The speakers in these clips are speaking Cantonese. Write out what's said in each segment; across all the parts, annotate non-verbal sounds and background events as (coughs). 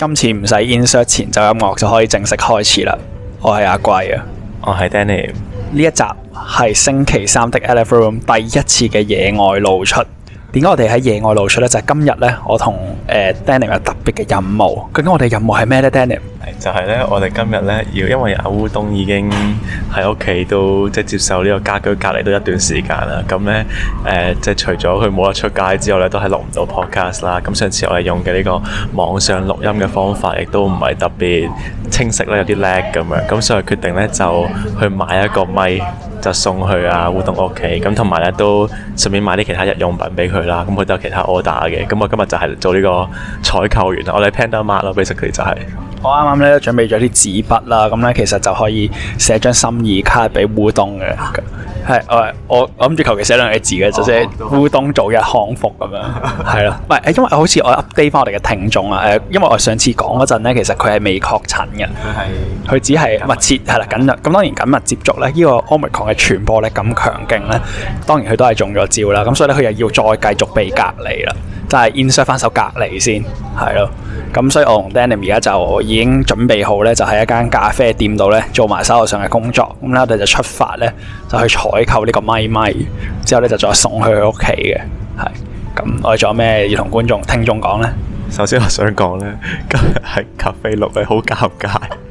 今次唔使 insert 前奏音樂就可以正式開始啦。我係阿貴啊，我係 Denim。呢一集係星期三的 Elephant Room 第一次嘅野外露出。點解我哋喺野外露出呢？就係、是、今日呢，我同誒 Denim 有特別嘅任務。究竟我哋任務係咩呢？Denim。就係呢，我哋今日呢，要，因為阿烏冬已經喺屋企都即係接受呢個家居隔離都一段時間啦。咁呢，誒、呃，即係除咗佢冇得出街之外呢，都係錄唔到 podcast 啦。咁上次我哋用嘅呢個網上錄音嘅方法，亦都唔係特別清晰啦，有啲 lag 咁樣。咁所以決定呢，就去買一個咪，就送去阿烏冬屋企。咁同埋呢，都順便買啲其他日用品俾佢啦。咁佢都有其他 order 嘅。咁我今日就係做呢個採購員，我哋 Panda Mart 咯，Basically 就係、是。我啱啱咧準備咗啲紙筆啦，咁、嗯、咧其實就可以寫張心意卡俾烏冬嘅。係 (music) 我我諗住求其寫兩個字嘅、哦、就寫誒，烏冬、哦、早日康復咁樣。係 (laughs) 啦，唔因為好似我 update 翻我哋嘅聽眾啊誒，因為我上次講嗰陣咧，其實佢係未確診嘅。佢係佢只係密切係 (music) 啦緊密，咁當然緊密接觸咧，依、這個 Omicron 嘅傳播力咁強勁咧，當然佢都係中咗招啦。咁所以咧佢又要再繼續被隔離啦，即係 insert 翻首隔離先係咯。咁所以我同 Danny 而家就已經準備好咧，就喺一間咖啡店度咧做埋手頭上嘅工作。咁咧我哋就出發咧，就去採購呢個咪咪，之後咧就再送去佢屋企嘅。係咁，我哋仲有咩要同觀眾聽眾講咧？首先我想講咧，今日喺咖啡落嚟好尷尬。 (laughs)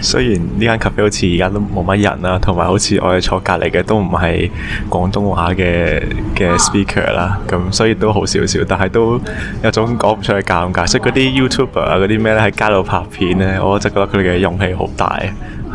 雖然呢間咖啡好似而家都冇乜人啦，同埋好似我哋坐隔籬嘅都唔係廣東話嘅嘅 speaker 啦，咁所以都好少少，但係都有種講唔出嘅尷尬。所以嗰啲 YouTuber 啊，嗰啲咩咧喺街度拍片咧，我真覺得佢哋嘅勇氣好大，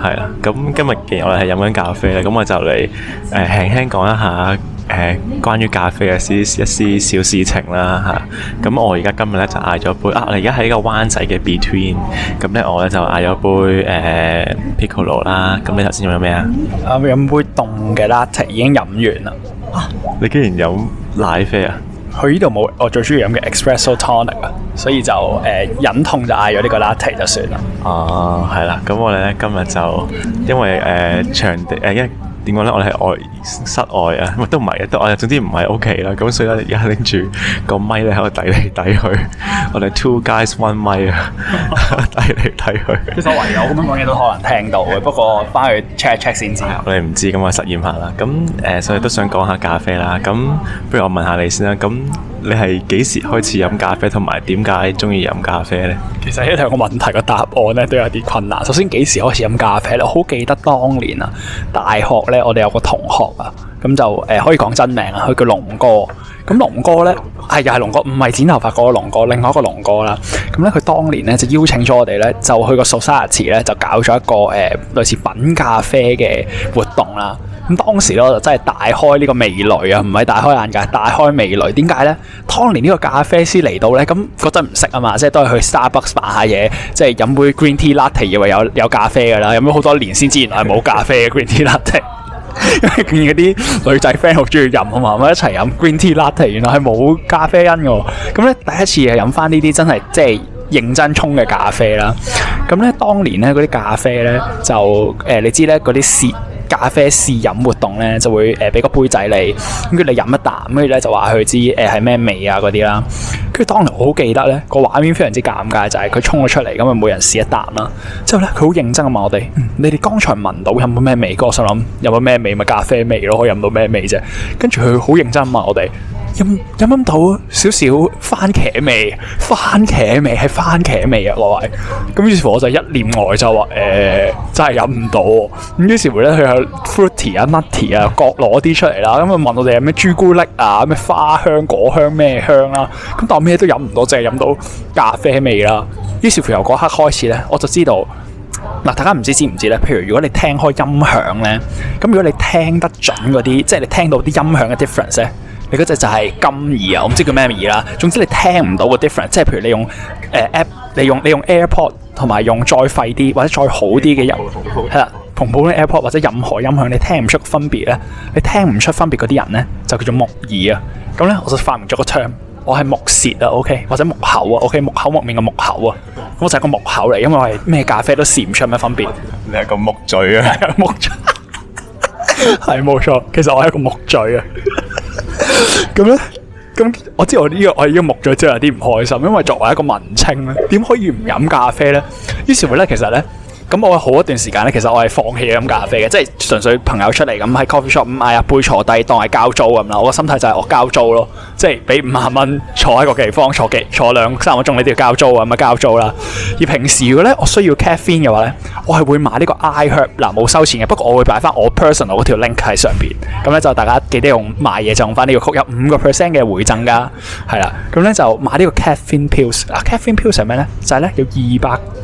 係啦。咁今日既然我哋係飲緊咖啡啦，咁我就嚟誒輕輕講一下。誒、呃，關於咖啡嘅一啲一啲小事情啦，吓咁我而家今日咧就嗌咗杯啊，我而家喺呢、啊、在在個灣仔嘅 Between，咁咧我咧就嗌咗杯誒、呃、Piccolo 啦，咁你頭先飲咗咩啊？我飲、啊、杯凍嘅 Latte 已經飲完啦、啊。你竟然飲奶啡啊？佢呢度冇我最中意飲嘅 Espresso tonic 啊，所以就誒、呃、忍痛就嗌咗呢個 Latte 就算啦。哦、啊，係啦，咁我哋咧今日就因為誒場地誒因。點講咧？我哋係外室外啊，都唔係啊，都我啊，總之唔係屋企啦。咁所以咧，而家拎住個咪咧喺度抵嚟抵去， (laughs) 我哋 two guys one 咪啊，抵嚟抵去。其實唯有咁樣講嘢都可能聽到嘅，不過翻去 check, check (laughs) 一 check 先知。我哋唔知，咁啊實驗下啦。咁誒，所以都想講下咖啡啦。咁不如我問下你先啦、啊。咁你係幾時開始飲咖啡？同埋點解中意飲咖啡咧？其實呢兩個問題嘅答案咧都有啲困難。首先幾時開始飲咖啡咧？好記得當年啊，大學。我哋有個同學啊，咁就誒、呃、可以講真名啊，佢叫龍哥。咁龍哥呢？係又係龍哥，唔係剪頭髮嗰個龍哥，另外一個龍哥啦。咁呢，佢當年呢就邀請咗我哋呢，就去個索沙爾池呢，就搞咗一個誒、呃、類似品咖啡嘅活動啦。咁當時呢我就真係大開呢個味蕾啊，唔係大開眼界，大開味蕾。點解呢？當年呢個咖啡師嚟到呢，咁嗰陣唔識啊嘛，即係都係去 Starbucks 扮下嘢，即係飲杯 green tea latte 以為有有咖啡㗎啦，飲咗好多年先知原來冇咖啡 green tea latte (laughs) 因為見嗰啲女仔 friend 好中意飲啊嘛，咪一齊飲 green tea latte，原來係冇咖啡因嘅，咁咧第一次係飲翻呢啲真係即係認真沖嘅咖啡啦。咁咧當年咧嗰啲咖啡咧就誒、呃，你知咧嗰啲咖啡試飲活動呢就會誒俾個杯仔你，跟住你飲一啖，跟住咧就話佢知誒係咩味啊嗰啲啦。跟住當年我好記得呢個畫面非常之尷尬，就係佢衝咗出嚟，咁啊每人試一啖啦。之後呢，佢好認真咁問我哋，嗯，你哋剛才聞到有冇咩味？我心諗有冇咩味咪、就是、咖啡味咯，可以飲到咩味啫？跟住佢好認真問我哋。飲飲啱到少少番茄味，番茄味係番茄味啊！各位咁於是乎我就一念外就話誒、欸，真係飲唔到。咁於是乎咧，佢有 fruity 啊、nutty 啊，各攞啲出嚟啦。咁啊問我哋有咩朱古力啊、咩花香、果香咩香啦、啊。咁但係咩都飲唔到，淨係飲到咖啡味啦。於是乎由嗰刻開始咧，我就知道嗱，大家唔知知唔知咧？譬如如果你聽開音響咧，咁如果你聽得準嗰啲，即係你聽到啲音響嘅 difference 咧。你嗰隻就係金耳啊，我唔知叫咩耳啦。總之你聽唔到個 difference 即係譬如你用誒 app，你用你用 AirPod 同埋用再廢啲或者再好啲嘅音係啦，同普通 AirPod 或者任何音響，你聽唔出分別咧，你聽唔出分別嗰啲人咧，就叫做木耳啊。咁咧我就發唔咗個 term，我係木舌啊，OK，或者木口啊，OK，木口木面嘅木口啊，我就係個木口嚟，因為我係咩咖啡都試唔出咩分別。你係個木嘴啊，木嘴係冇錯，其實我係一個木嘴啊。咁咧，咁 (laughs) 我知道我呢、這個我已經木咗，之後有啲唔開心，因為作為一個文青咧，點可以唔飲咖啡咧？於是乎咧，其實咧。咁我係好一段時間咧，其實我係放棄飲咖啡嘅，即係純粹朋友出嚟咁喺 coffee shop 咁，買一杯坐低當係交租咁啦。我個心態就係我交租咯，即係俾五萬蚊坐喺個地方坐幾坐兩三個鐘，你都要交租啊，咪交租啦。而平時如果咧我需要 caffeine 嘅話咧，我係會買呢個 iHerb 嗱，冇、啊、收錢嘅，不過我會擺翻我 personal 嗰條 link 喺上邊。咁咧就大家記得用買嘢就用翻呢個 code 有五個 percent 嘅回贈噶，係啦。咁咧就買呢個 caffeine pills 啊，caffeine pills 係咩咧？就係、是、咧有二百。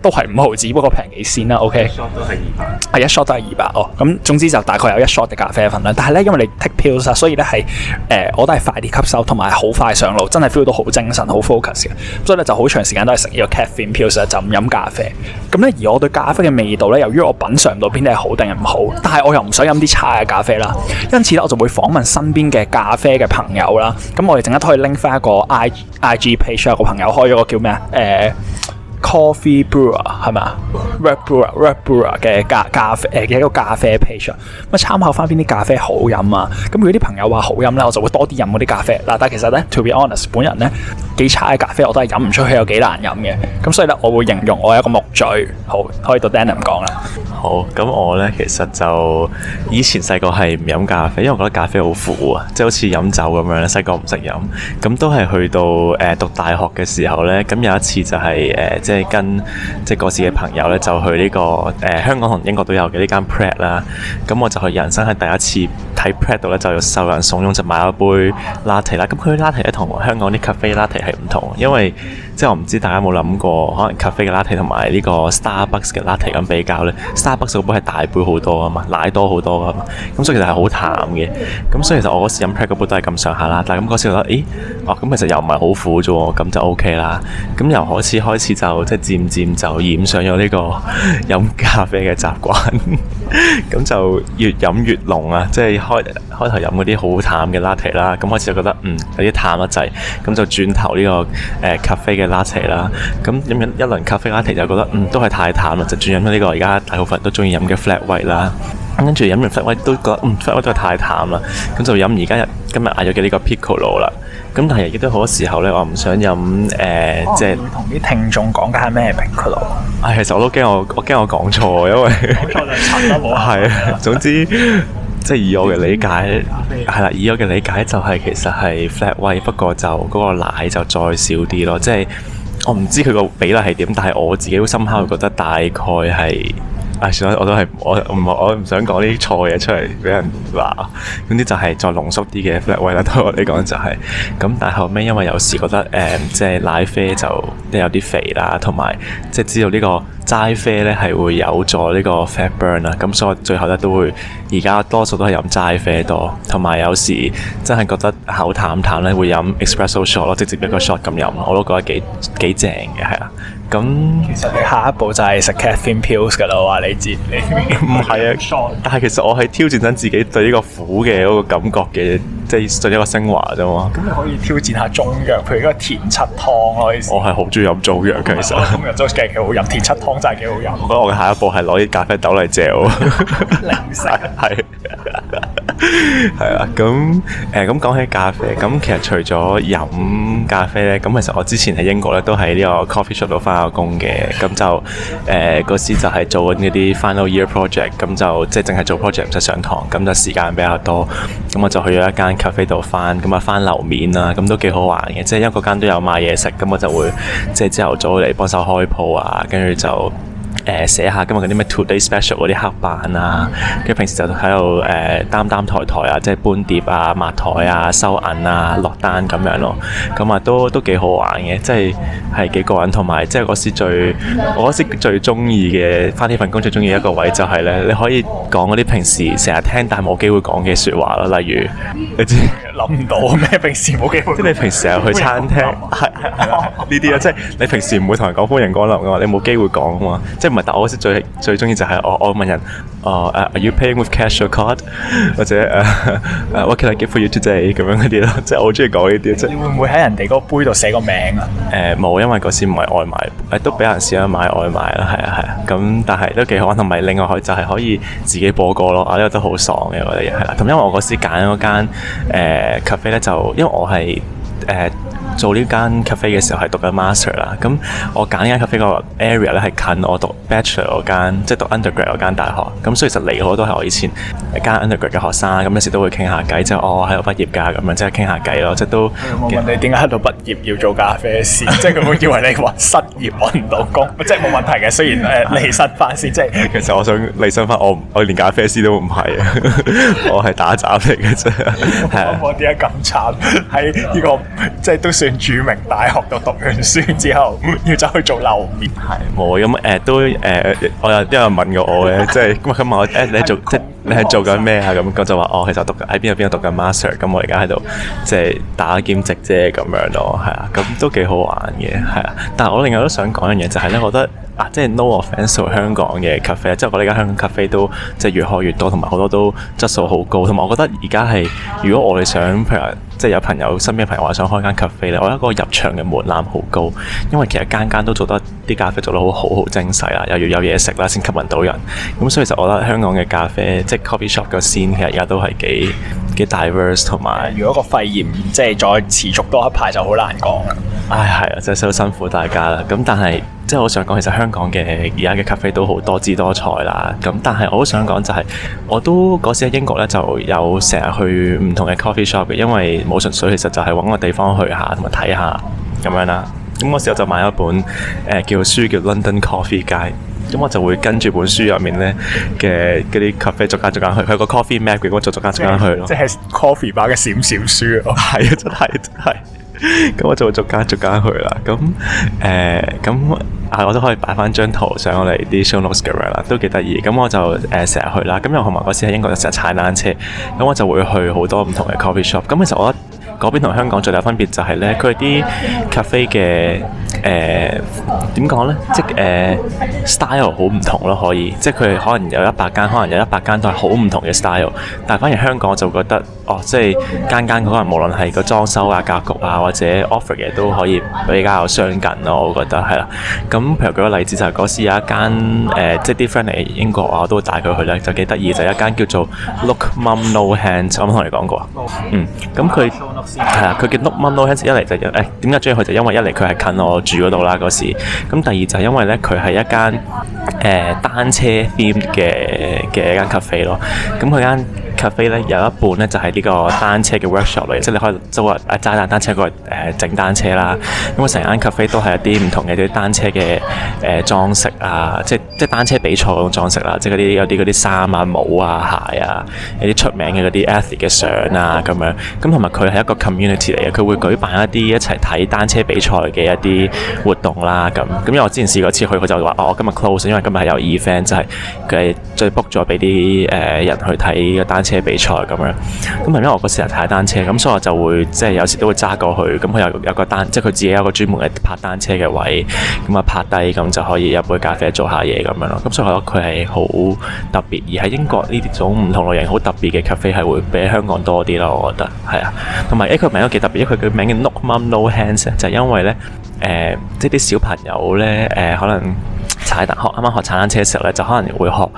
都係五毫子，不過平幾先啦。O、okay? K，一 shot 都係二百，係、啊、一 shot 都係二百哦。咁總之就大概有一 shot 嘅咖啡份量。但係咧，因為你 take pills，所以咧係誒我都係快啲吸收，同埋好快上路，真係 feel 到好精神、好 focus 嘅。所以咧就好長時間都係食呢個 caffeine pills，就唔飲咖啡。咁咧而我對咖啡嘅味道咧，由於我品嚐到邊啲係好定係唔好，但係我又唔想飲啲差嘅咖啡啦。因此咧，我就會訪問身邊嘅咖啡嘅朋友啦。咁我哋陣間可以拎翻一個 I I G page，有個朋友開咗個叫咩啊誒，呃 Coffee brewer 係咪？Red brewer，Red brewer 嘅咖咖啡，誒嘅一個咖啡 page 啊，咁啊參考翻邊啲咖啡好飲啊？咁如果啲朋友話好飲呢，我就會多啲飲嗰啲咖啡。嗱、啊，但係其實呢 to be honest，本人呢幾差嘅咖啡我都係飲唔出去，有幾難飲嘅。咁所以呢，我會形容我有一個木嘴。好，可以到 Denim 講啦。好，咁我呢，其實就以前細個係唔飲咖啡，因為我覺得咖啡好苦啊，即係好似飲酒咁樣咧。細個唔識飲，咁都係去到誒、呃、讀大學嘅時候呢，咁有一次就係、是、誒。呃即係跟即係過時嘅朋友咧，就去呢、這個誒、呃、香港同英國都有嘅呢間 Pret 啦。咁、嗯、我就係人生係第一次睇 Pret 度咧，就要受人慫恿就買一杯 latte 啦。咁、嗯、佢 latte 咧同香港啲 cafe latte 係唔同，因為。即係我唔知大家有冇諗過，可能咖啡嘅 latte 同埋呢個 Starbucks 嘅 latte 咁比較呢？Starbucks 嗰杯係大杯好多啊嘛，奶多好多啊嘛，咁所以其實係好淡嘅，咁所以其實我嗰時飲 pack 嗰杯都係咁上下啦，但係咁嗰時覺得，咦，哇，啊，咁其實又唔係好苦啫喎，咁就 OK 啦，咁由開始開始就即係漸漸就染上咗呢個飲咖啡嘅習慣，咁 (laughs) 就越飲越濃啊，即係開。開頭飲嗰啲好淡嘅 latte 啦，咁開始就覺得嗯，有啲淡得滯，咁就轉頭呢、這個誒、呃、咖啡嘅 latte 啦，咁飲完一輪咖啡 latte 就覺得嗯，都係太淡啦，就轉飲呢個而家大部分人都中意飲嘅 flat white 啦，跟住飲完 flat white 都覺得嗯 flat white 都係太淡啦，咁就飲而家今日嗌咗嘅呢個 pico 羅啦，咁但係亦都好多時候呢，我唔想飲誒，即係同啲聽眾講緊係咩 pico 羅啊？唉、哎，其實我都驚我我驚我講錯，因為講錯就慘啦，我係 (laughs) 對總之。 (laughs) 即係以我嘅理解，係、嗯、啦，以我嘅理解就係其實係 flat white，不過就嗰個奶就再少啲咯。即係我唔知佢個比例係點，但係我自己好深刻會覺得大概係啊，算啦，我都係我唔我唔想講啲錯嘢出嚟俾人話。總之就係再濃縮啲嘅 flat white 啦， (laughs) 對我嚟講就係咁。但後尾因為有時覺得誒、嗯，即係奶啡就都有啲肥啦，同埋即係知道呢、這個。齋啡咧係會有助呢個 fat burn 啊，咁所以我最後咧都會而家多數都係飲齋啡多，同埋有，有時真係覺得口淡淡咧會飲 espresso shot 咯，直接一個 shot 咁飲，我都覺得幾幾正嘅，係啦。咁其實你下一步就係食 caffeine pills 噶啦，話你知？唔係啊，但係其實我係挑戰緊自己對呢個苦嘅嗰個感覺嘅，即係一個昇華啫嘛。咁你可以挑戰下中藥，譬如嗰個田七湯咯。我係好中意飲中藥嘅，其實飲中藥幾好飲，田七湯真係幾好飲。我嘅下一步係攞啲咖啡豆嚟嚼。零食，係係啊，咁誒咁講起咖啡，咁其實除咗飲咖啡咧，咁其實我之前喺英國咧都喺呢個 coffee shop 度翻。教工嘅，咁就誒嗰、呃、時就係做緊嗰啲 final year project，咁就即係淨係做 project，唔使上堂，咁就時間比較多。咁我就去咗一間 cafe 度翻，咁啊，翻樓面啦，咁都幾好玩嘅。即係一個間都有賣嘢食，咁我就會即係朝頭早嚟幫手開鋪啊，跟住就。誒、呃、寫下今日嗰啲咩 Today Special 嗰啲黑板啊，跟住平時就喺度誒擔擔抬抬啊，即係搬碟啊、抹台啊、收銀啊、落單咁樣咯。咁啊，都都幾好玩嘅，即係係幾過癮。同埋即係嗰時最我嗰時最中意嘅翻呢份工最中意一個位就係咧，你可以講嗰啲平時成日聽但係冇機會講嘅説話咯。例如你知諗唔到咩？ (laughs) 平時冇機會。即係你平時成日去餐廳，呢啲啊！即係你平時唔會同人講歡迎光臨嘅，你冇機會講啊嘛。嗯即係唔係？但我嗰時最最中意就係我我問人，誒、oh，誒，Are you paying with cash or card？或者誒誒、oh, uh，What can I give for you today？咁樣嗰啲咯，即係我好中意講呢啲。即係你會唔會喺人哋嗰杯度寫個名啊？誒冇、呃，因為嗰時唔係外賣，誒、呃、都俾人試下買外賣啦，係啊係啊。咁、啊、但係都幾好，同埋另外可以就係可以自己播歌咯，啊呢、呢個都好爽嘅，我哋係啦。咁、啊、因為我嗰時揀嗰間誒 cafe 咧，就因為我係誒。呃做呢間 cafe 嘅時候係讀緊 master 啦，咁我揀呢間 cafe 個 area 咧係近我讀 bachelor 嗰間，即係讀 undergrad 嗰間大學。咁所以其實嚟我都係我以前一間 undergrad 嘅學生，咁有時都會傾下偈，即係我喺度畢業㗎，咁樣即係傾下偈咯，即係都冇問你點解喺度畢業要做咖啡師， (laughs) 即係佢會以為你話失業揾唔到工， (laughs) 即係冇問題嘅。雖然誒、呃、離失翻先，即係 (laughs) 其實我想你失翻，我我連咖啡師都唔係， (laughs) 我係打雜嚟嘅啫。 (laughs) (laughs) (laughs) 我點解咁慘？喺呢、呢個 (laughs) 即係都算。著名大學度讀完書之後，嗯、要走去做樓面。係、嗯，冇咁誒，都誒、呃，我有啲人問過我嘅，即係咁啊咁啊，誒，你做 (laughs) 即係你係做緊咩啊？咁、 (laughs) 嗯、就話哦，其實讀喺邊度邊度讀緊 master，咁、嗯、我在在而家喺度即係打兼職啫咁樣咯，係啊，咁都幾好玩嘅，係啊。但係我另外都想講一樣嘢，就係、是、咧，我覺得啊，即係 no offence 香港嘅咖啡，即係我哋而家香港咖啡都即係越開越多，同埋好多都質素好高，同埋我覺得而家係如果我哋想譬如，譬如。即係有朋友身邊嘅朋友話想開間咖啡咧，我覺得個入場嘅門檻好高，因為其實間間都做得啲咖啡做得好好好精細啦，又要有嘢食啦先吸引到人。咁所以其實我覺得香港嘅咖啡即係 coffee shop 嘅 scene，其實而家都係幾幾 diverse，同埋如果個肺炎即係再持續多一排就好難講。唉，係啊、哎，真係辛苦大家啦。咁但係，即係我想講，其實香港嘅而家嘅咖啡都好多姿多彩啦。咁但係我好想講就係、是，我都嗰時喺英國咧就有成日去唔同嘅 coffee shop 嘅，因為冇純粹，其實就係揾個地方去下同埋睇下咁樣啦。咁嗰時我就買一本、呃、叫書叫《London Coffee 街》，咁我就會跟住本書入面呢嘅嗰啲咖啡作家逐家去，去個 coffee magazine 作家作家去咯，即係 coffee 版嘅閃閃書咯，係啊，真係係。咁 (laughs) 我就逐間逐間去啦。咁誒咁啊，我都可以擺翻張圖上嚟啲 show notes 嘅啦，都幾得意。咁我就誒成日去啦。咁又同埋嗰時喺英國就成日踩單車，咁我就會去好多唔同嘅 coffee shop。咁其實我。嗰邊同香港最大分別就係呢，佢啲 cafe 嘅誒點講呢？即係、呃、style 好唔同咯，可以，即係佢可能有一百間，可能有一百間都係好唔同嘅 style，但係反而香港我就覺得，哦，即係間間可能無論係個裝修啊、格局啊或者 offer 嘅都可以比較相近咯，我覺得係啦。咁譬如舉個例子，就嗰時有一間誒、呃，即係啲 friend 嚟英國啊，我都帶佢去呢，就幾得意，就是、一間叫做 Look Mum No Hands，我冇同你講過啊。嗯，咁佢。係啦，佢、啊、叫 Look Mum No Hands、一嚟就誒、是，點解中意佢就是、因為一嚟佢係近我住嗰度啦嗰時，咁第二就係因為咧佢係一間誒、呃、單車 theme 嘅嘅一間 cafe 咯，咁佢間。咖啡咧有一半咧就係呢個單車嘅 workshop 嚟，即係你可以租啊，揸爛單車過去誒整單車啦。咁啊成間咖啡都係一啲唔同嘅啲單車嘅誒、呃、裝飾啊，即係即係單車比賽種裝飾啦、啊，即係啲有啲啲衫啊、帽啊、鞋啊，有啲出名嘅啲 athlete 嘅相啊咁樣，咁同埋佢係一個 community 嚟嘅，佢會舉辦一啲一齊睇單車比賽嘅一啲活動啦咁。咁、嗯、因為我之前試過一次去，佢就話哦，我今日 close 啊，因為今日係有 event，就係佢係再 book 咗俾啲誒人去睇嘅單車比賽咁樣，咁、嗯、係因為我個成日踩單車，咁所以我就會即係有時都會揸過去，咁佢有有個單，即係佢自己有個專門嘅拍單車嘅位，咁啊拍低，咁就可以一杯咖啡做下嘢咁樣咯。咁、嗯、所以我覺得佢係好特別，而喺英國呢種唔同類型好特別嘅 cafe 係會比香港多啲咯，我覺得係啊。同埋佢個名都幾特別，因為佢嘅名叫 Look Mum No Hands，就係因為呢，誒、呃，即係啲小朋友呢，誒、呃，可能踩單學啱啱學踩單車嘅時候呢，就可能會學。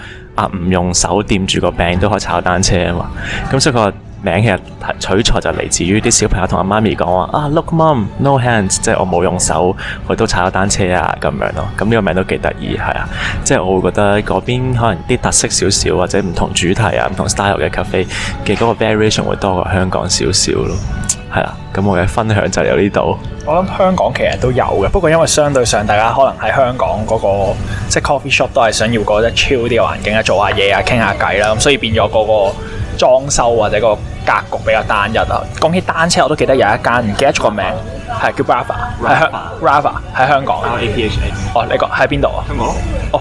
唔、啊、用手掂住個柄都可以踩單車啊嘛，咁、嗯、所以個名其實取材就嚟自於啲小朋友同阿媽咪講話啊，啊，Look mum no hands，即係我冇用手佢都踩咗單車啊咁樣咯，咁、嗯、呢、嗯這個名都幾得意係啊，即係我會覺得嗰邊可能啲特色少少或者唔同主題啊、唔同 style 嘅 cafe 嘅嗰個 variation 會多過香港少少咯。係啦，咁我嘅分享就到呢度。我諗香港其實都有嘅，不過因為相對上大家可能喺香港嗰、嗰個即係 coffee shop 都係想要個即 chill 啲嘅環境啊，做下嘢啊，傾下偈啦，咁所以變咗嗰個裝修或者、嗰個。格局比較單一啊！講起單車，我都記得有一間，唔記得咗個名，係巴叫 Rapha，喺香 Rapha，喺香港。R、A P H、A，哦，你個喺邊度啊？香港。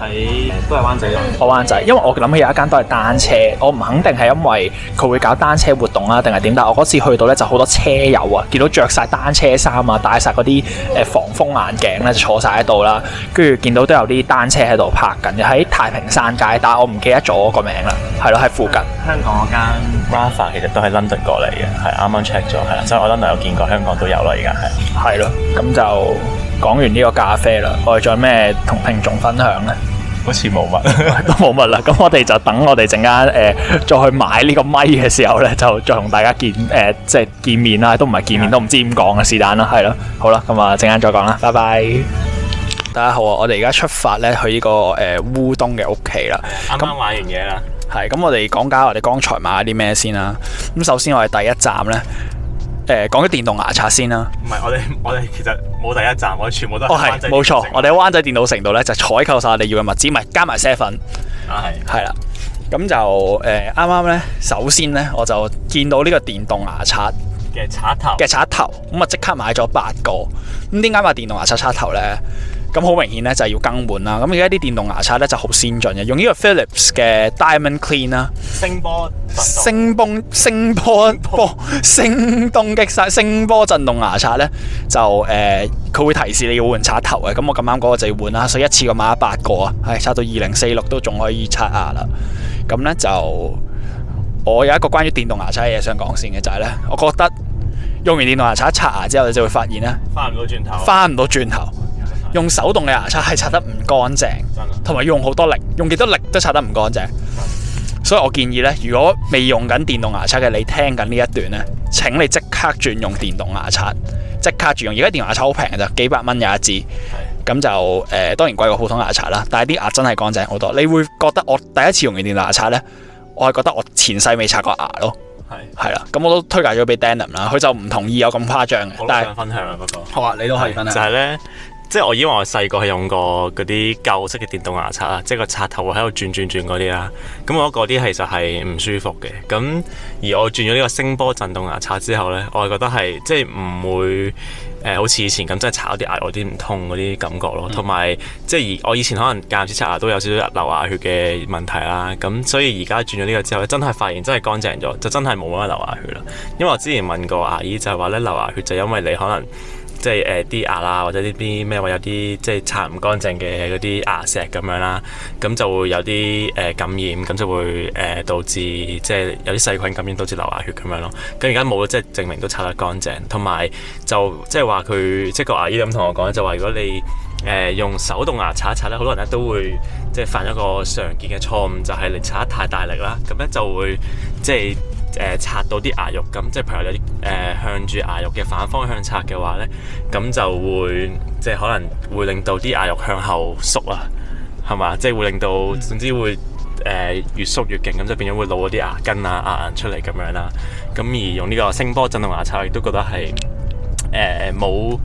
喺國、哦、都係灣仔啊、哦哦。灣仔，因為我諗起有一間都係單車，我唔肯定係因為佢會搞單車活動啊，定係點，但係我嗰次去到呢，就好多車友啊，見到着晒單車衫啊，戴晒嗰啲誒防風眼鏡呢，就坐晒喺度啦，跟住見到都有啲單車喺度拍緊，喺太平山街，但我唔記得咗個名啦，係咯，喺附近。香港嗰間。Rafa 其實都係 London 過嚟嘅，係啱啱 check 咗，係啦，所以我 London 有見過，香港都有啦，而家係。係咯，咁就講完呢個咖啡啦。我哋仲有咩同聽眾分享咧？好似冇乜， (laughs) 都冇乜啦。咁我哋就等我哋陣間誒再去買呢個麥嘅時候咧，就再同大家見誒、呃，即係見面啦。都唔係見面，的都唔知點講啊，是但啦，係咯。好啦，咁啊，陣間再講啦，拜拜。大家好啊，我哋而家出發咧去呢、這個誒、呃、烏冬嘅屋企啦。啱啱買完嘢啦那。係，咁我哋講下我哋剛才買啲咩先啦。咁首先我哋第一站咧，誒、欸，講啲電動牙刷先啦。唔係，我哋我哋其實冇第一站，我哋全部都係。哦係，冇錯，我哋喺灣仔電腦城度咧就採購晒你要嘅物資，咪加埋卸粉。啊係。係啦，咁就誒，啱啱咧，首先咧，我就見到呢個電動牙刷嘅刷頭，嘅刷頭，咁啊即刻買咗八個。咁點解買電動牙刷刷頭咧？咁好明顯咧，就係、是、要更換啦。咁而家啲電動牙刷咧就好先進嘅，用呢個 Philips 嘅 Diamond Clean 啦，聲波聲崩聲波波聲動激晒，聲波震動牙刷咧就誒，佢、呃、會提示你要換刷頭嘅。咁我咁啱嗰個就要換啦，所以一次過買咗八個啊，係、哎、刷到二零四六都仲可以刷牙啦。咁咧就我有一個關於電動牙刷嘅嘢想講先嘅，就係、是、咧，我覺得用完電動牙刷刷牙之後，你就會發現咧，翻唔到轉頭，翻唔到轉頭。用手動嘅牙刷係刷得唔乾淨，同埋的用好多力，用幾多力都刷得唔乾淨。的所以我建議呢，如果未用緊電動牙刷嘅你聽緊呢一段呢，請你即刻轉用電動牙刷，即刻轉用。而家電動牙刷好平噶咋，幾百蚊有一支。咁的就誒、呃，當然貴過普通牙刷啦，但係啲牙真係乾淨好多。你會覺得我第一次用完電動牙刷呢，我係覺得我前世未刷過牙咯。係係啦，咁我都推介咗俾 Denim 啦，佢就唔同意有咁誇張嘅。好分享啊，嗰個好啊，你都可以分享。就係咧。即係我以為我細個係用過嗰啲舊式嘅電動牙刷啦，即係個刷頭喺度轉轉轉嗰啲啦。咁我嗰啲其實係唔舒服嘅。咁而我轉咗呢個聲波震動牙刷之後呢，我係覺得係即係唔會、呃、好似以前咁，真係刷到啲牙我啲唔痛嗰啲感覺咯。同埋即係我以前可能間唔時刷牙都有少少流牙血嘅問題啦、啊。咁所以而家轉咗呢個之後，真係發現真係乾淨咗，就真係冇乜流牙血啦。因為我之前問過阿姨就，就係話呢流牙血就因為你可能。即係誒啲牙啦，或者呢啲咩話有啲即係擦唔乾淨嘅嗰啲牙石咁樣啦，咁就會有啲誒、呃、感染，咁就會誒、呃、導致即係有啲細菌感染導致流牙血咁樣咯。咁而家冇即係證明都擦得乾淨，同埋就即係話佢即係個牙醫咁同我講，就話如果你誒、呃、用手動牙刷一刷咧，好多人咧都會即係犯咗個常見嘅錯誤，就係、是、你刷得太大力啦，咁咧就，就會即係。即即誒擦、呃、到啲牙肉咁，即係譬如有啲誒、呃、向住牙肉嘅反方向擦嘅話咧，咁就會即係可能會令到啲牙肉向後縮啊，係嘛？即係會令到、嗯、總之會誒、呃、越縮越勁，咁就變咗會露嗰啲牙根啊、牙痕出嚟咁樣啦。咁而用呢個聲波震動牙刷，亦都覺得係誒冇。呃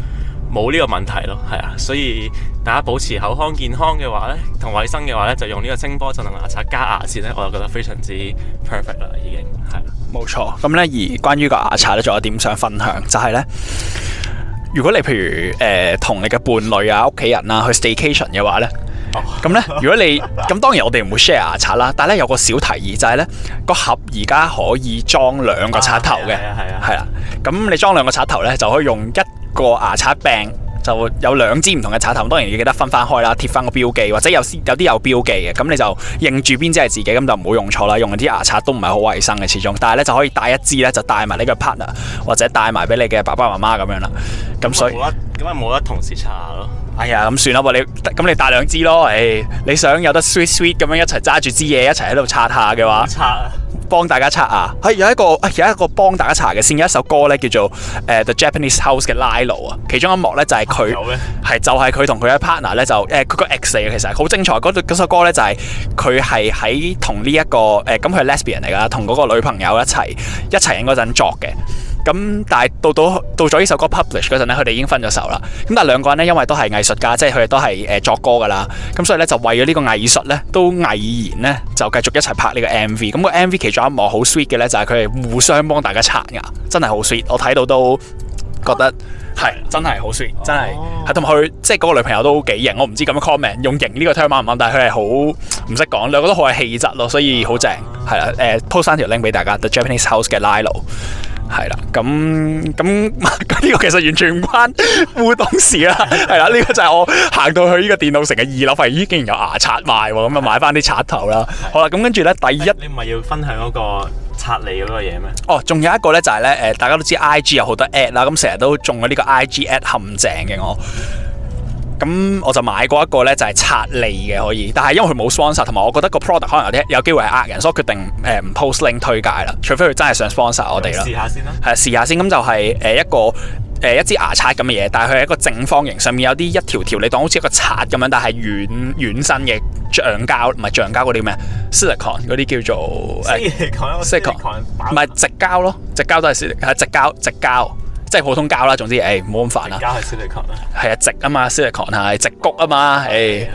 冇呢個問題咯，係啊，所以大家保持口腔健康嘅話呢，同衞生嘅話呢，就用呢個聲波智能牙刷加牙線呢，我就覺得非常之 perfect 啦，已經係啦，冇、啊、錯。咁呢。而關於個牙刷呢，仲有點想分享就係、是、呢，如果你譬如誒同、呃、你嘅伴侶啊、屋企人啊去 staycation 嘅話呢咁、oh。呢。如果你咁當然我哋唔會 share 牙刷啦，但咧有個小提議就係、是、呢個盒而家可以裝兩個刷頭嘅，係啊係啊，係啊。咁、啊啊啊啊啊、你裝兩個刷頭呢，就可以用一。個牙刷柄就有兩支唔同嘅刷頭，當然要記得分翻開啦，貼翻個標記，或者有有啲有標記嘅，咁你就認住邊支係自己，咁就唔好用錯啦。用啲牙刷都唔係好衛生嘅，始終，但係咧就可以帶一支咧，就帶埋呢個 partner，或者帶埋俾你嘅爸爸媽媽咁樣啦。咁所以冇得，咁咪冇得同時刷、啊哎、咯。哎呀，咁算啦，你咁你帶兩支咯。唉，你想有得 sweet sweet 咁樣一齊揸住支嘢，一齊喺度刷下嘅話，刷、啊幫大家查啊！係、哎、有一個、哎，有一個幫大家查嘅先。有一首歌咧，叫做《誒、呃、The Japanese House》嘅 Lilo 啊。其中一幕咧就係佢，係就係佢同佢嘅 partner 咧，就誒、是、佢、 (music) 就是呃、個 ex 啊，其實好精彩。嗰首歌咧就係佢係喺同呢一個誒咁佢係 lesbian 嚟㗎，同、呃、嗰個女朋友一齊一齊影嗰陣作嘅。咁，但係到到到咗呢首歌 publish 嗰陣咧，佢哋已經分咗手啦。咁但係兩個人咧，因為都係藝術家，即係佢哋都係誒、呃、作歌噶啦。咁所以咧就為咗呢個藝術咧，都毅然咧就繼續一齊拍呢個 M V。咁、嗯個 M V 其中一幕好 sweet 嘅咧，就係佢哋互相幫大家刷牙，真係好 sweet。我睇到都覺得係真係好 sweet，真係同埋佢即係嗰個女朋友都幾型。我唔知咁樣 comment 用型呢個 term 啱唔啱，但係佢係好唔識講，兩個都好有氣質咯，所以好正係啦。誒，post、呃、三條 link 俾大家 The Japanese House 嘅 Lilo。係啦，咁咁呢個其實完全唔關互動事啦，係啦 (laughs) 的，呢的個就係我行到去呢個電腦城嘅二樓，發現咦竟然有牙刷賣，咁、嗯、就買翻啲刷頭啦。的好啦，咁跟住咧，第一，你唔係要分享嗰、那個刷你嗰個嘢咩？哦，仲有一個咧就係咧，誒，大家都知 I G 有好多 app 啦，咁成日都中咗呢個 I G app 陷阱嘅我。咁我就買過一個咧，就係刷脷嘅可以，但係因為佢冇 sponsor，同埋我覺得個 product 可能有啲有機會係呃人，所以我決定誒唔、呃、post link 推介啦。除非佢真係想 sponsor 我哋咯。試下先啦。係試下先，咁就係誒一個誒、呃、一支牙刷咁嘅嘢，但係佢係一個正方形，上面有啲一,一條條，你當好似一個刷咁樣，但係軟軟身嘅橡膠，唔係橡膠嗰啲咩，silicone 嗰啲叫做誒、呃、silicone，silicone 唔係直膠咯，直膠都係 sil，係直膠直膠。直膠。即係普通膠啦，總之，誒，唔好咁煩啦。膠係 silicone 啊，係直啊嘛，silicone 係直谷啊嘛，誒，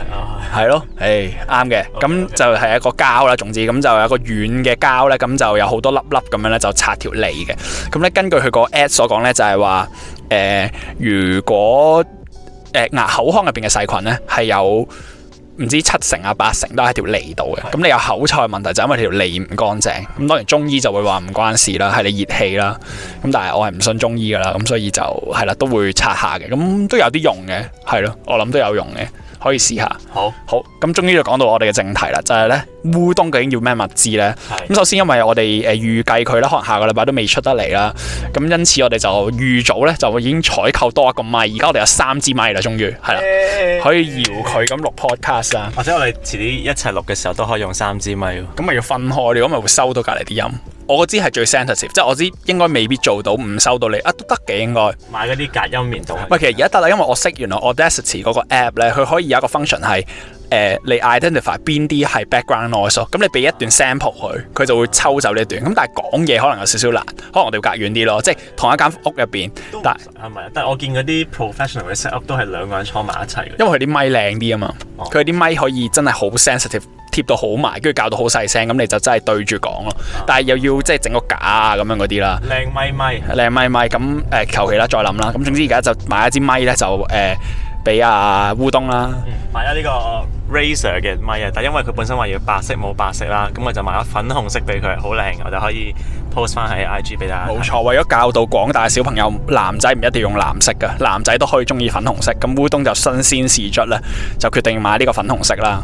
係咯，誒，啱嘅。咁就係一個膠啦，總之，咁就，就有個軟嘅膠咧，咁就有好多粒粒咁樣咧，就拆條脷嘅。咁咧根據佢個 ad 所講咧，就係、是、話，誒、呃，如果誒牙、呃、口腔入邊嘅細菌咧係有。唔知七成啊八成都喺條脷度嘅，咁的你有口臭問題就是、因為條脷唔乾淨，咁當然中醫就會話唔關事啦，係你熱氣啦，咁但係我係唔信中醫㗎喇，咁所以就係啦，都會擦下嘅，咁都有啲用嘅，係咯，我諗都有用嘅。可以試下，好，好，咁終於就講到我哋嘅正題啦，就係、是、呢，烏冬究竟要咩物資呢？咁是首先因為我哋誒、呃、預計佢咧可能下個禮拜都未出得嚟啦，咁因此我哋就預早呢就已經採購多一個咪，而家我哋有三支咪啦，終於係啦，欸、可以搖佢咁錄 podcast 啊，或者我哋遲啲一齊錄嘅時候都可以用三支咪咯。咁咪要分開，如果咪會收到隔離啲音。我知係最 sensitive，即係我知應該未必做到，唔收到你啊都得嘅應該。買嗰啲隔音棉都係。唔係，其實而家得啦，因為我識原來 Audacity 嗰個 app 咧，佢可以有一個 function 係。誒你、呃、identify 邊啲係 background noise，咁你俾一段 sample 佢，佢就會抽走呢段。咁但係講嘢可能有少少難，可能我哋要隔遠啲咯。即係同一間屋入邊都 但，但係唔係？但係我見嗰啲 professional 嘅 set up 都係兩個人坐埋一齊。因為佢啲咪靚啲啊嘛，佢啲、啊、咪可以真係好 sensitive，貼到好埋，跟住搞到好細聲，咁你就真係對住講咯。啊、但係又要即係整個架啊咁樣嗰啲啦。靚咪咪，靚咪咪咁誒，求其啦，再諗啦。咁總之而家就買一支咪咧，就誒俾阿烏冬啦、嗯。買咗呢、呢個。Razer 嘅咪啊，但因為佢本身話要白色冇白色啦，咁我就買咗粉紅色俾佢，好靚，我就可以 post 翻喺 IG 俾大家。冇錯，為咗教導廣大小朋友，男仔唔一定要用藍色嘅，男仔都可以中意粉紅色。咁烏冬就身先士卒啦，就決定買呢個粉紅色啦。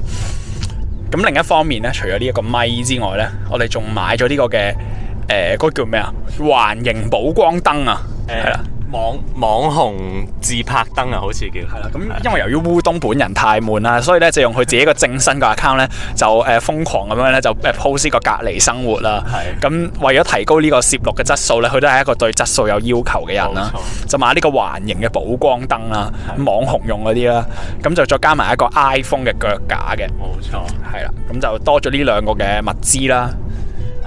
咁另一方面咧，除咗呢一個咪之外咧，我哋仲買咗呢個嘅誒，嗰、呃嗰個、叫咩啊？環形補光燈啊，係啦、uh。網網紅自拍燈啊，好似叫係啦。咁因為由於烏冬本人太悶啦，所以咧就用佢自己個正身個 account 咧，就誒瘋、呃、狂咁樣咧就誒 post 個隔離生活啦。係咁是為咗提高個攝錄呢個攝錄嘅質素咧，佢都係一個對質素有要求嘅人啦。錯就買呢個環形嘅補光燈啦，是網紅用嗰啲啦。咁就再加埋一個 iPhone 嘅腳架嘅。冇錯錯，係啦。咁就多咗呢兩個嘅物資啦。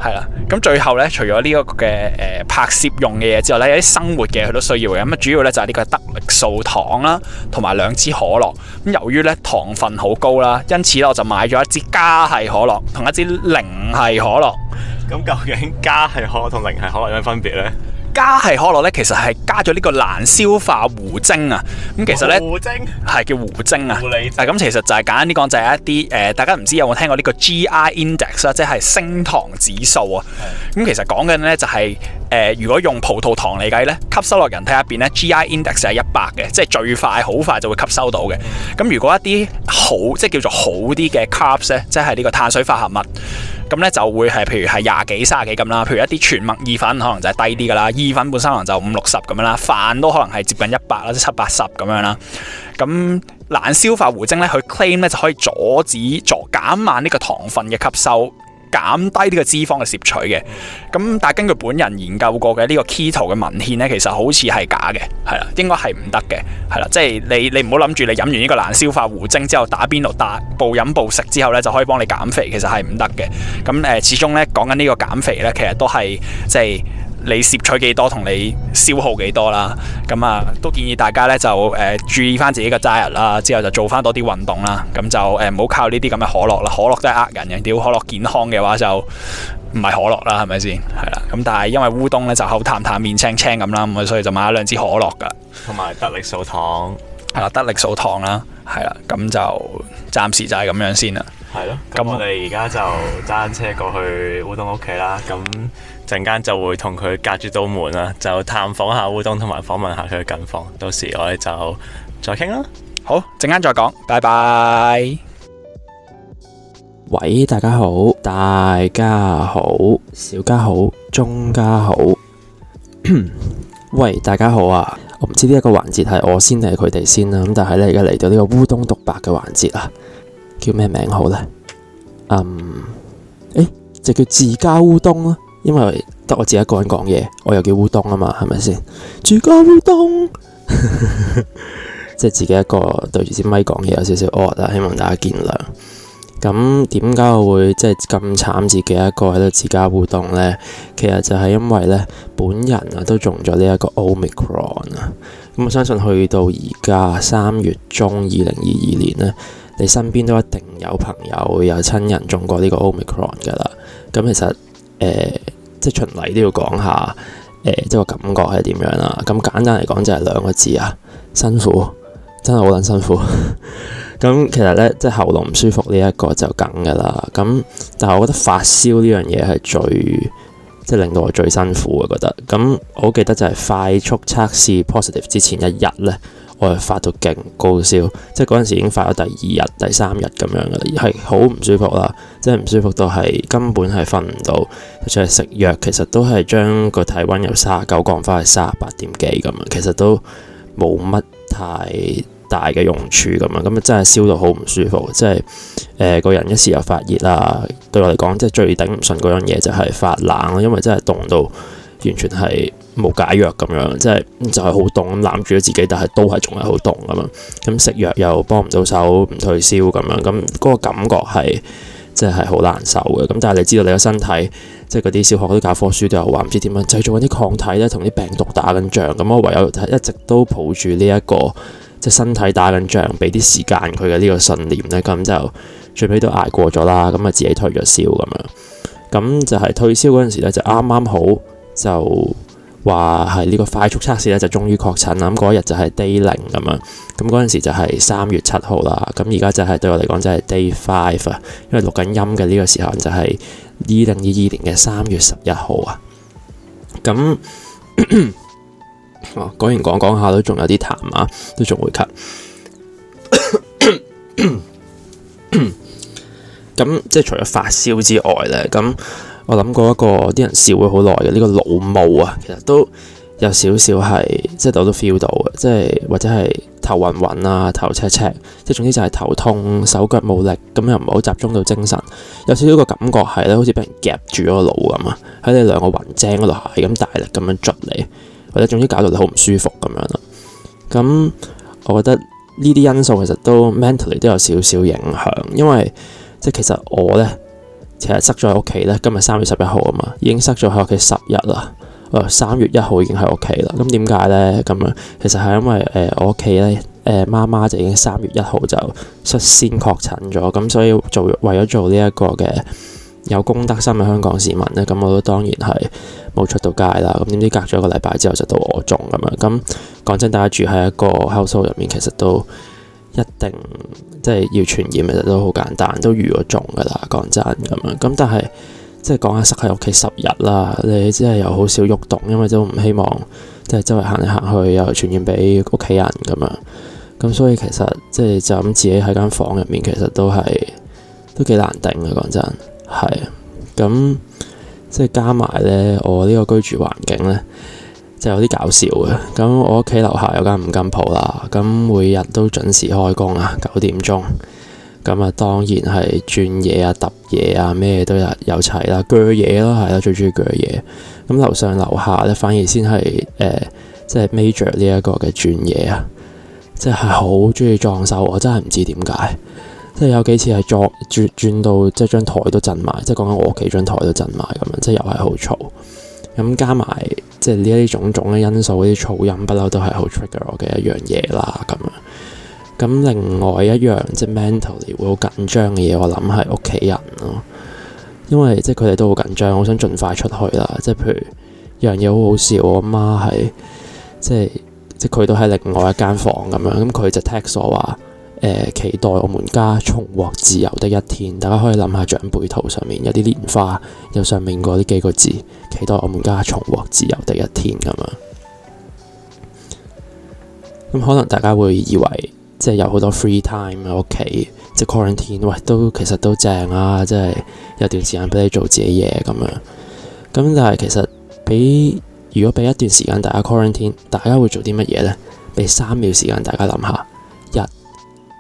係啦，咁最後咧，除咗呢一個嘅，誒、呃、拍攝用嘅嘢之外咧，有啲生活嘅嘢佢都需要嘅。咁啊，主要咧就係、是、呢個得力素糖啦，同埋兩支可樂。咁由於咧糖分好高啦，因此咧我就買咗一支加系可樂同一支零系可樂。咁究竟加系可樂同零系可樂有咩分別咧？加係可樂咧，其實係加咗呢個難消化糊精啊。咁、嗯、其實咧，係糊精？叫糊精啊。糊理？咁、嗯、其實就係簡單啲講，就係一啲誒，大家唔知有冇聽過呢個 GI index 啦、啊，即係升糖指數啊。咁的、嗯、其實講緊咧就係、是。誒、呃，如果用葡萄糖嚟計呢，吸收落人體入邊呢 GI index 係一百嘅，即係最快，好快就會吸收到嘅。咁如果一啲好，即係叫做好啲嘅 carbs 即係呢個碳水化合物，咁呢就會係譬如係廿幾、三十幾咁啦。譬如一啲全麥意粉可能就係低啲噶啦，意粉本身可能就五六十咁樣啦，飯都可能係接近一百啦，即係七八十咁樣啦。咁難消化糊精呢，佢 claim 呢就可以阻止、助減慢呢個糖分嘅吸收。減低呢個脂肪嘅攝取嘅，咁但係根據本人研究過嘅呢個 Keto 嘅文獻呢，其實好似係假嘅，係啦，應該係唔得嘅，係啦，即係你你唔好諗住你飲完呢個難消化糊精之後打邊爐打暴飲暴食之後呢，就可以幫你減肥，其實係唔得嘅，咁誒始終呢，講緊呢個減肥呢，其實都係即係。就是你攝取幾多同你消耗幾多啦。咁啊，都建議大家呢，就誒、呃、注意翻自己嘅 diet 啦，之後就做翻多啲運動啦。咁就誒唔好靠呢啲咁嘅可樂啦，可樂都係呃人嘅。屌可樂健康嘅話就唔係可樂啦，係咪先？係啦。咁但係因為烏冬呢，就口淡淡面青青咁啦，咁所以就買兩支可樂噶，同埋得力素糖係啦，得力素糖啦，係啦。咁就暫時就係咁樣先啦。係咯。咁我哋而家就揸車過去烏冬屋企啦。咁陣間就會同佢隔住道門啦，就探訪下烏冬，同埋訪問下佢嘅近況。到時我哋就再傾啦。好，陣間再講，拜拜。喂，大家好，大家好，小家好，中家好。 (coughs) 喂，大家好啊！我唔知呢一個環節係我先定係佢哋先啦、啊。咁但係呢，而家嚟到呢個烏冬獨白嘅環節啦，叫咩名好呢？嗯、um, 欸，就叫自家烏冬啦、啊。因為得我自己一個人講嘢，我又叫烏冬啊嘛，係咪先？住家烏冬， (laughs) 即係自己一個對住支咪講嘢，有少少 out 啊，希望大家見諒。咁點解我會即係咁慘？自己一個喺度自家烏冬呢？其實就係因為呢，本人啊都中咗呢一個 Omicron 啊。咁我相信去到而家三月中二零二二年呢，你身邊都一定有朋友有親人中過呢個 Omicron 噶啦。咁其實。誒，即係循例都要講下，誒，即係個感覺係點樣啦？咁簡單嚟講就係兩個字啊，辛苦，真係好撚辛苦。咁 (laughs) 其實咧，即係喉嚨唔舒服呢一個就梗㗎啦。咁但係我覺得發燒呢樣嘢係最，即係令到我最辛苦嘅覺得。咁我記得就係快速測試 positive 之前一日咧。我係發到勁高燒，即係嗰陣時已經發咗第二日、第三日咁樣噶啦，係好唔舒服啦，即係唔舒服到係根本係瞓唔到，出去食藥其實都係將個體温由三十九降翻去三十八點幾咁樣，其實都冇乜太大嘅用處咁樣，咁啊真係燒到好唔舒服，即係誒個人一時又發熱啦，對我嚟講即係最頂唔順嗰樣嘢就係發冷咯，因為真係凍到完全係。冇解藥咁樣，即係就係好凍，攬住咗自己，但係都係仲係好凍啊嘛。咁、嗯、食藥又幫唔到手，唔退燒咁樣，咁、嗯、嗰、嗰個感覺係即係好難受嘅。咁、嗯、但係你知道你個身體，即係嗰啲小學嗰啲教科書都有話，唔知點樣製造緊啲抗體咧，同啲病毒打緊仗。咁我唯有一直都抱住呢一個即係、就係、身體打緊仗，俾啲時間佢嘅呢個信念咧。咁就最尾都捱過咗啦。咁啊自己退咗燒咁樣，咁就係退燒嗰陣時咧，就啱啱好就。話係呢個快速測試咧，就終於確診啦，咁嗰日就係 day 零咁樣，咁嗰陣時就係三月七號啦，咁而家就係對我嚟講就係 day five 啊，因為錄緊音嘅呢個時候就係二零二二年嘅三月十一號啊，咁，啊講完講講下都仲有啲痰啊，都仲會咳，咁 (coughs) (coughs) 即係除咗發燒之外咧，咁。我諗過一個啲人笑會好耐嘅呢個腦霧啊，其實都有少少係，即係我都 feel 到嘅，即係或者係頭暈暈啊，頭赤赤，即係總之就係頭痛、手腳冇力，咁又唔好集中到精神，有少少個感覺係咧，好似俾人夾住咗個腦咁啊，喺你兩個雲精嗰度係咁大力咁樣捽你，或者總之搞到你好唔舒服咁樣咯。咁我覺得呢啲因素其實都 (laughs) mentally 都有少少影響，因為即係其實我咧。成日塞咗喺屋企咧，今日三月十一號啊嘛，已經塞咗喺屋企十日啦。呃，三月一號已經喺屋企啦。咁點解咧？咁樣其實係因為誒、呃、我屋企咧，誒、呃、媽媽就已經三月一號就率先確診咗，咁所以做為咗做呢一個嘅有公德心嘅香港市民咧，咁我都當然係冇出到街啦。咁點知隔咗一個禮拜之後就到我中咁樣。咁講真，大家住喺一個 household 入面，其實都～一定即係要傳染，其實都好簡單，都預咗中噶啦。講真咁樣，咁但係即係講下，塞喺屋企十日啦，你即係又好少喐動，動，因為都唔希望即係周圍行嚟行去又傳染俾屋企人咁樣。咁所以其實即係就咁自己喺間房入面，其實都係都幾難頂嘅。講真係，咁即係加埋咧，我呢個居住環境咧。即係有啲搞笑嘅，咁我屋企樓下有間五金鋪啦，咁每日都準時開工啊，九點鐘，咁啊當然係轉嘢啊、揼嘢啊、咩都有有齊啦、鋸嘢咯，係啦最中意鋸嘢。咁樓上樓下咧反而先係誒，即係 major 呢一個嘅轉嘢啊，即係好中意裝修，我真係唔知點解，即係有幾次係轉轉到即係張台都震埋，即係講緊我屋企張台都震埋咁樣，即係又係好嘈。咁加埋即係呢一啲種種因素，啲噪音不嬲都係好 trigger 我嘅一樣嘢啦，咁樣。咁另外一樣即係 mentally 會好緊張嘅嘢，我諗係屋企人咯，因為即係佢哋都好緊張，我想盡快出去啦。即係譬如一樣嘢好好笑，我阿媽係即係即係佢都喺另外一間房咁樣，咁佢就 text 我話。呃，期待我們家重獲自由的一天。大家可以諗下，長輩圖上面有啲蓮花，有上面嗰啲幾個字，期待我們家重獲自由的一天咁啊。咁可能大家會以為即係有好多 free time 喺屋企，即係 quarantine，喂都其實都正啊，即係有段時間俾你做自己嘢咁樣。咁但係其實俾如果俾一段時間大家 quarantine，大家會做啲乜嘢呢？俾三秒時間大家諗下，一。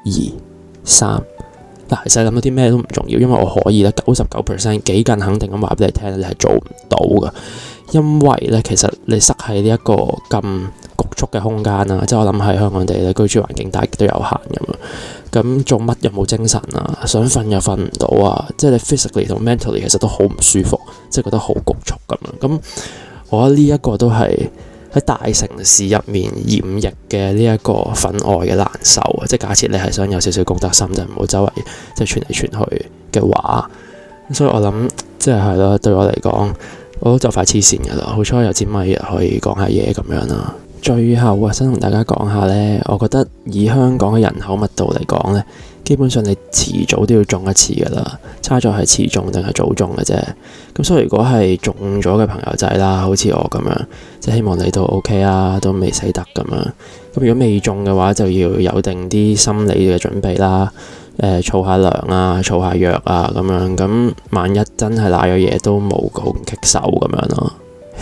二三嗱，其實諗到啲咩都唔重要，因為我可以咧，九十九 percent 幾近肯定咁話俾你聽，你係做唔到噶。因為咧，其實你塞喺呢一個咁局促嘅空間啊，即係我諗喺香港地咧，居住環境大都有限咁樣。咁做乜又冇精神啊？想瞓又瞓唔到啊！即係你 physically 同 mentally 其實都好唔舒服，即係覺得好局促咁樣。咁我覺得呢一個都係。喺大城市入面染疫嘅呢一個份外嘅難受啊！即係假設你係想有少少公德心就唔好周圍即係傳嚟傳去嘅話，所以我諗即係係咯，對我嚟講，我都就快黐線㗎啦！好彩有支咪可以講下嘢咁樣啦。最後啊，想同大家講下呢，我覺得以香港嘅人口密度嚟講呢。基本上你遲早都要中一次噶啦，差咗係遲中定係早中嘅啫。咁所以如果係中咗嘅朋友仔啦，好似我咁樣，即係希望你都 OK 啊，都未死得咁樣。咁如果未中嘅話，就要有定啲心理嘅準備啦。誒、呃，儲下糧啊，儲下藥啊，咁樣。咁萬一真係賴咗嘢，都冇咁棘手咁樣咯。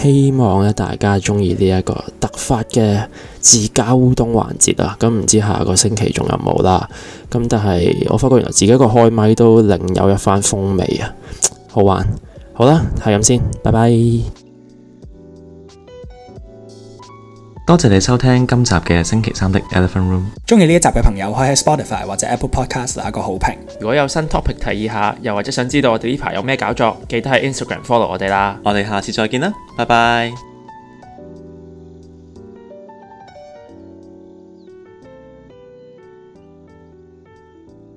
希望咧大家中意呢一個突發嘅自家烏冬環節啊！咁唔知下個星期仲有冇啦？咁但係我發覺原來自己一個開咪都另有一番風味啊！好玩，好啦，係咁先，拜拜。多謝你收聽今集嘅星期三的 Elephant Room。鍾意呢一集嘅朋友，可以喺 Spotify 或者 Apple Podcast 打個好評。如果有新 topic 提議下，又或者想知道我哋呢排有咩搞作，記得喺 Instagram follow 我哋啦。我哋下次再見啦，拜拜。